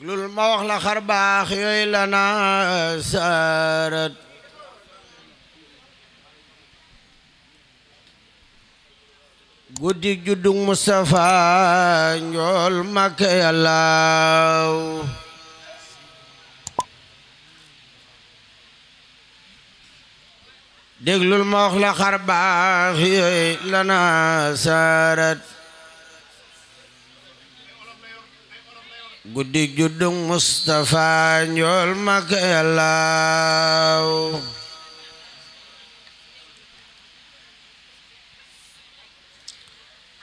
déglul ma wax la xar guddi juddug Mustafa njool Makka xar baax yooyu guddi juddung Mustafa njool mag yàllaaw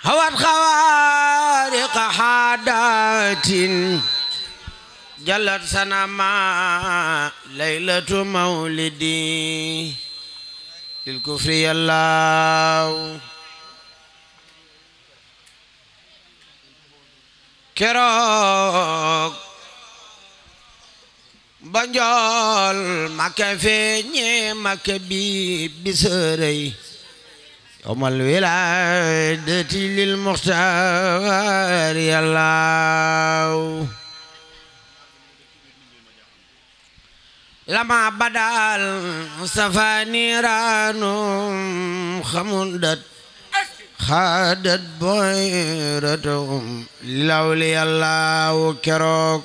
hawat xawaariqa xaadaatin jalat sanama laylatu mawlidi lil kufri yàllaaw keroog ba njool makke feeñe makke bi bisërëy yawmal wilaadati lil muxtaar yàllaaw lama badal safaani raanum xamundat xaadat boyratahum lawli yàllaawu keroog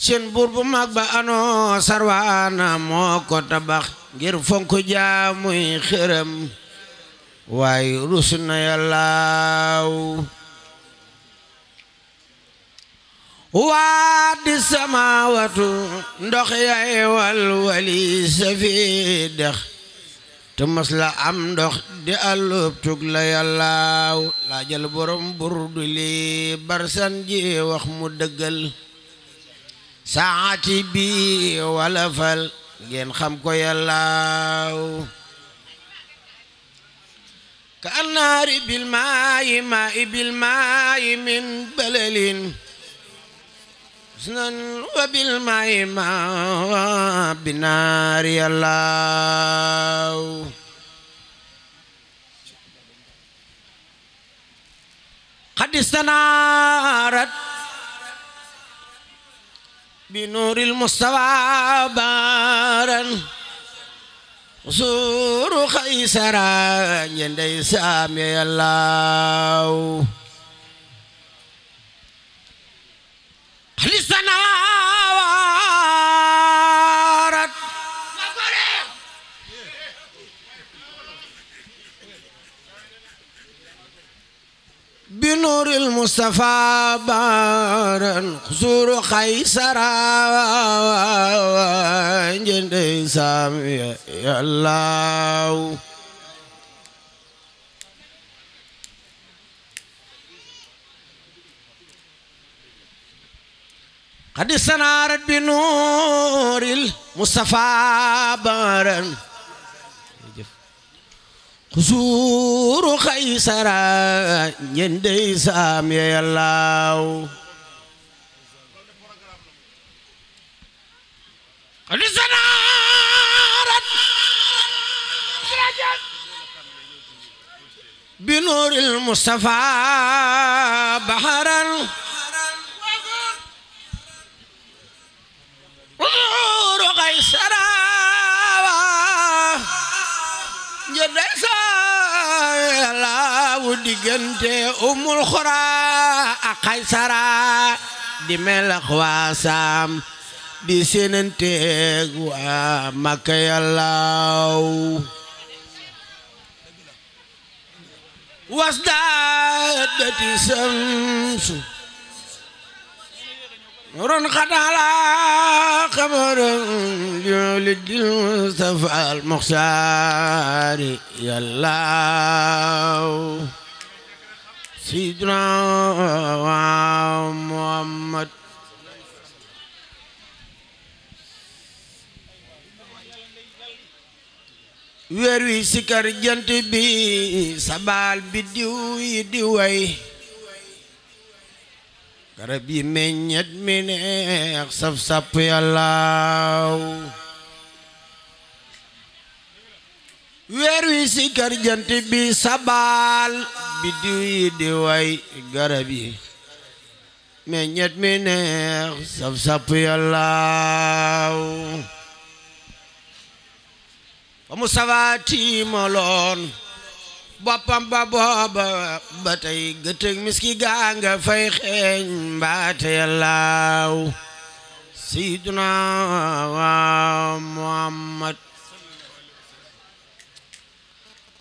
seen buur bu mag ba anoo sarwaana moo ko tabax ngir fonk jaamuy xërëm waaye rus na waa di samawatu ndox yay wal wali safi dex te mas am ndox di àllub tug la yàllaaw laajal borom burdu li barsan ji wax mu dëggal saati bi walafal ngeen xam ko yàllaaw ka annaari bil maayi maayi bil maayi min balalin حسنا وبالماء ما بنار الله قد استنارت بنور المستوى بارا زور خيسرا يندي سامي الله نور المصطفى بارا خسور خيسرا جند سامي يا الله قد سنارت بنور المصطفى بارا suuru xaysara ngeen dey saam yallaaw xadi sanaarat bi nuuril mustafa baharan suuru xaysara wa ngeen dey saam laawu diggante umul xuraa ak xaysaraa di melax waa saam di séenanteeg waa makka yàllaaw wasdaadati samsu نور قد على قمر بمولد المصطفى المختار يا الله سيدنا محمد weer wi sikar jant bi sabal bi diw yi di way garab yi meññet mi neex saf sàpp yàllaaw weer wi si kar jant bi sabaal biddiw yi di garab yi meññet mi neex saf sàpp yàllaaw fa mu sawaati moloon boppam ba booba ba tey gëtëg miski gaa nga fay xeeñ mbaate yàllaaw sayyiduna muhammad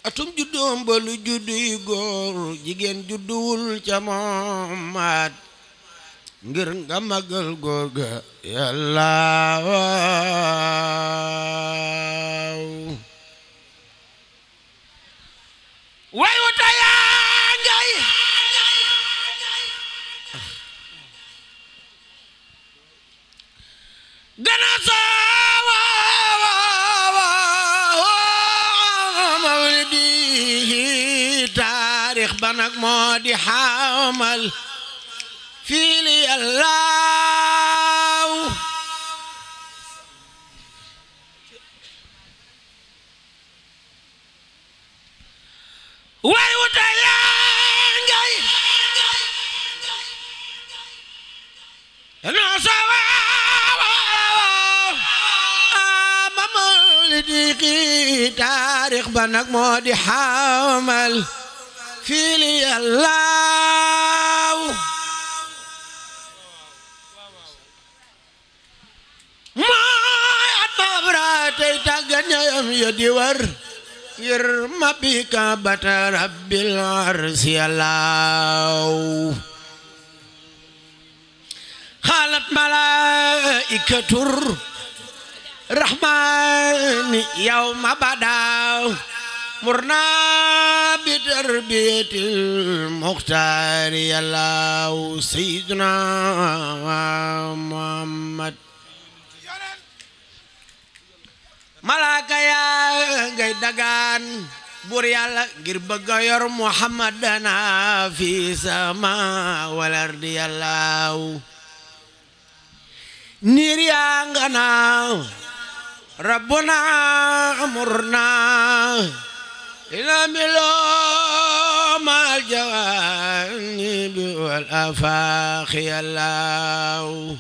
atum juddoom ba lu juddu yu góor jigéen judduwul ca moomaat ngir nga magal ga yàllaaw way wu tayaa ngay dana saawa mawlidi taarix ba nag moo di xamal fii li yàlla xaqiqi taarix ba nag moo di xamal fii li yàllaaw mooy at babra tey tàggat ñayam ya di war ngir mabika bata rabbil arsi yàllaaw xalat malaikatur rahmani yawma bada murna bi tarbiyatil muxtaari yàlla sayyiduna muhammad malaaka yaa ngay dagaan buur yàlla ngir bëgg a yor muhammadana fi sama wal ardi yàlla niir yaa nga naaw ربنا أمرنا إلى ملوم الجوانب والأفاخ الله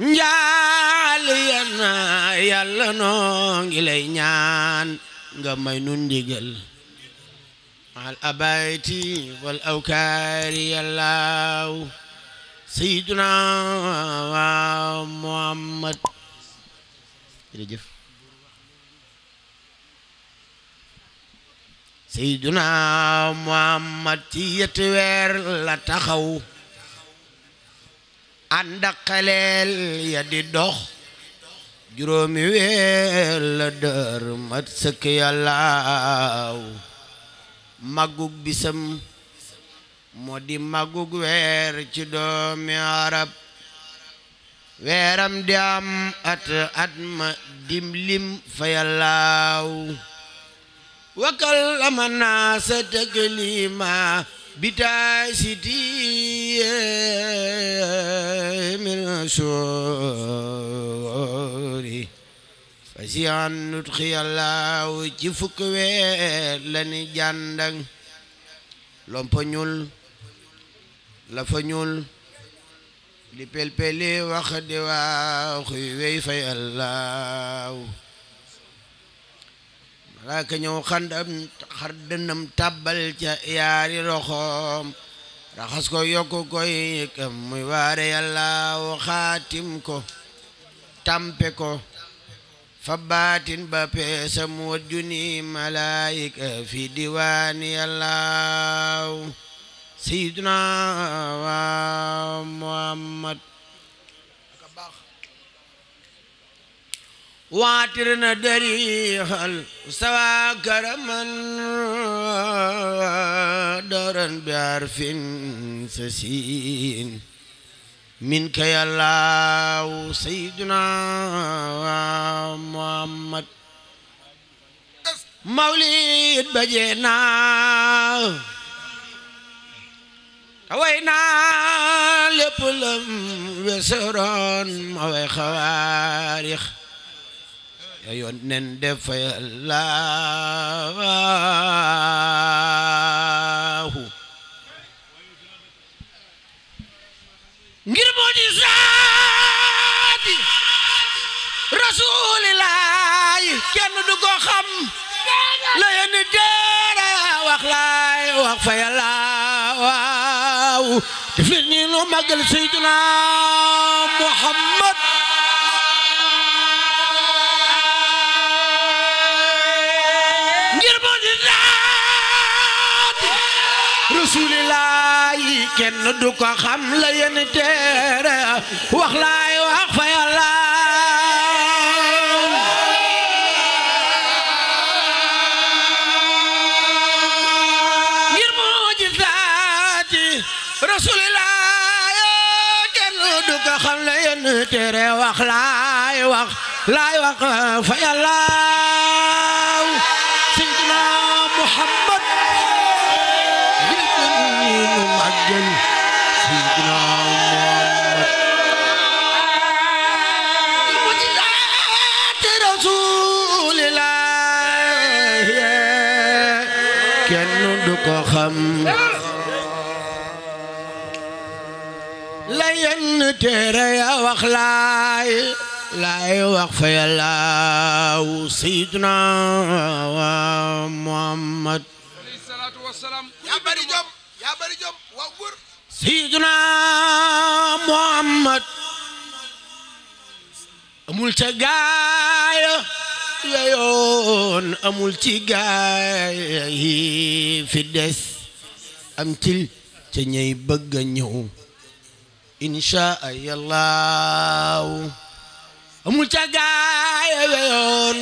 njaaliyana yàlla noo ngi lay ñaan nga may nu ndigal al abayti wal awkaari yàllaaw sayyiduna muhammad jërëjëf seyduna muhammad ci yetti la taxaw ànd ak xeleel ya di dox juróomi weer la dër mat sëkk yàllaaw màggug bisam moo di màggug weer ci doomi arab weeram di am at at ma dimlim fa yallaaw wa kallama naasa taklima bitaay sitiye min suuri fa si an nutqi yallaaw ci fukk weer la ni jàndang lompa ñuul la fa ñuul di pelpeli wax di waaw xuy wey fay allaaw malaaka ñëw xandam xar dënam tàbbal ca yaari roxoom raxas ko yokk koy kam muy waare yàllaaw xaatim ko tampe ko fa ba peesa mu wajjuni malaayika fi diwaani yàllaaw sayyiduna wa muhammad waatirna darixal sawa karaman daran bi arfin sasin minka yàllaw sayyiduna wa muhammad mawlid bajena way naa lépp lam weseroon ma way xawaarix ya yoon nen def fa Allahu ngir kenn du ko xam la yéen deera wax laay gaaw defe nii nu màggal Seydina Muhammad ngir mu di daati rasuulillah kenn du ko xam la teere wax laay wax fa yàlla tere wax laay wax laay wax fa yàlla Seydina Muhammad xam yenn téere ya wax amul ca gaaya yoon amul ci gaaya yi fi des am til ca ñey bëgg a insha allahu amul ca gaaya weyoon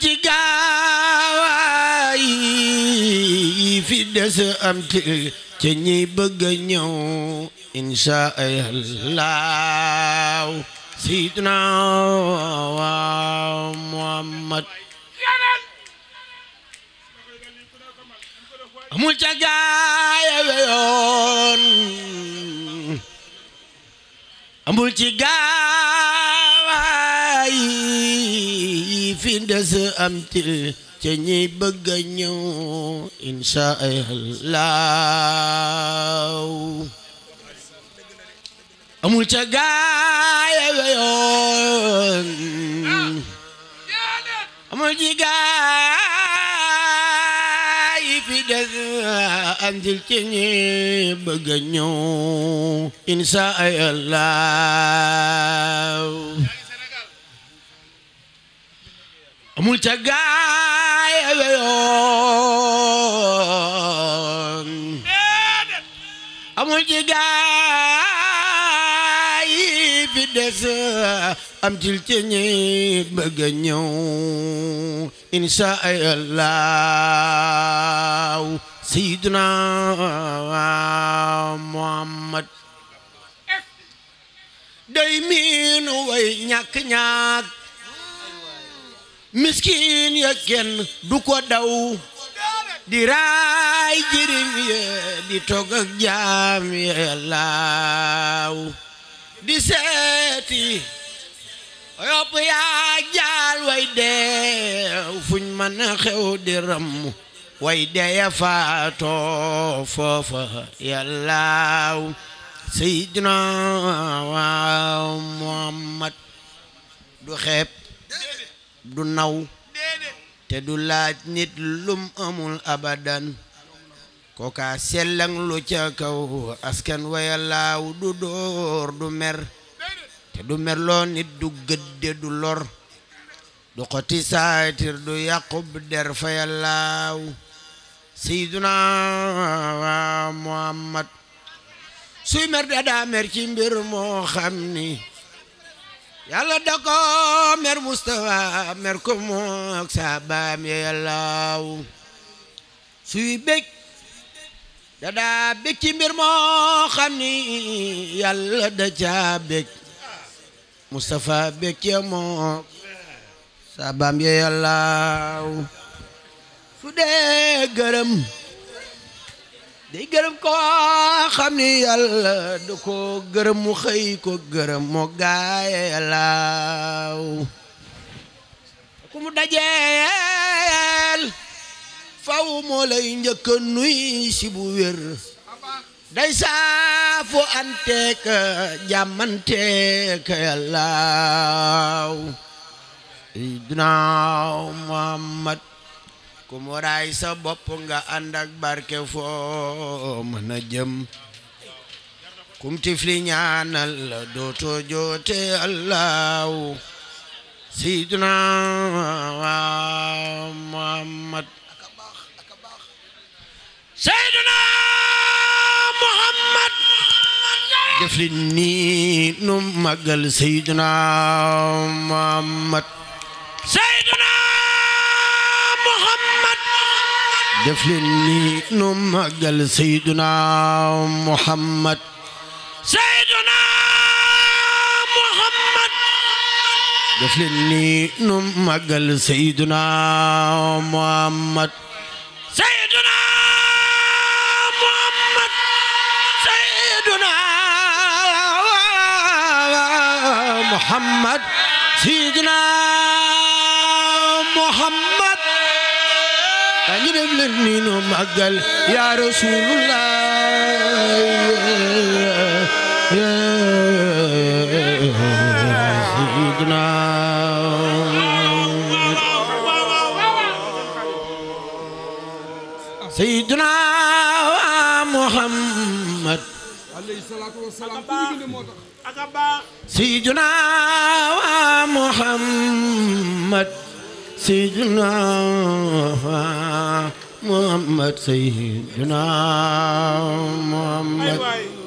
ci gaawaay fi des am te ca ñiy bëgg a ñëw insha allahu sayyidina amul ca gaaya weyoon amul ci gaawaay bëgg a ca gaaya weyoon ah, amul ci gaaya jaza andil ci ñi bëgg a ñëw insha Allah amul ca gaay a weyoon amul ci gaay fi des am til ci ñit bëgga ñëw insha allah sayyiduna muhammad day miin way ñàkk-ñàkk miskin ya kenn du ko daw di raay jirim ye di togg ak jaam ye laaw di seeti yopp yaa jaal way deew fuñ mën a xew di ràmm way deya faatoo foofa yàllaaw seydina waaw muhammad du xeeb du naw te du laaj nit lum amul abadan kooka sellang lu ca kaw askan wa yàllaaw du door du mer te du merloo nit du gëdde du lor du xoti saatir du yàqub der fa yàllaaw seyduna muhammad suy mer dadaa mer ci mbir moo xam ni yàlla da ko mer mustafa mer ko mook saabaam ya yàllaaw suy bég dadaa bég ci mbir moo xam ni yàlla da caa bég Mustafa bekke moo sabam ye yàllaaw su dee gërëm day gërëm koo xam ni yàlla da ko gërëm mu xëy ko gërëm moo gaaye yàllaaw ku mu dajeel faw moo lay njëkka nuy si bu wér day saafu anteek jàmmanteek yàllaaw Seydina Muhammad ku mu raay sa bopp nga ànd ak barke foo mën kum tifli ñaanal dootoo joote yàllaaw Seydina Muhammad Seydina def li nii nu màggal Seydina Muhammad Seydina Muhammad def li nii nu màggal Seydina Muhammad Seydina Muhammad def li nii nu màggal Seydina Muhammad محمد سيدنا محمد dañu def leen nii nu màggal yaa rasulullah sidna sidna muhammad alayhi salaatu wa salaam سيدنا محمد سيدنا محمد سيدنا محمد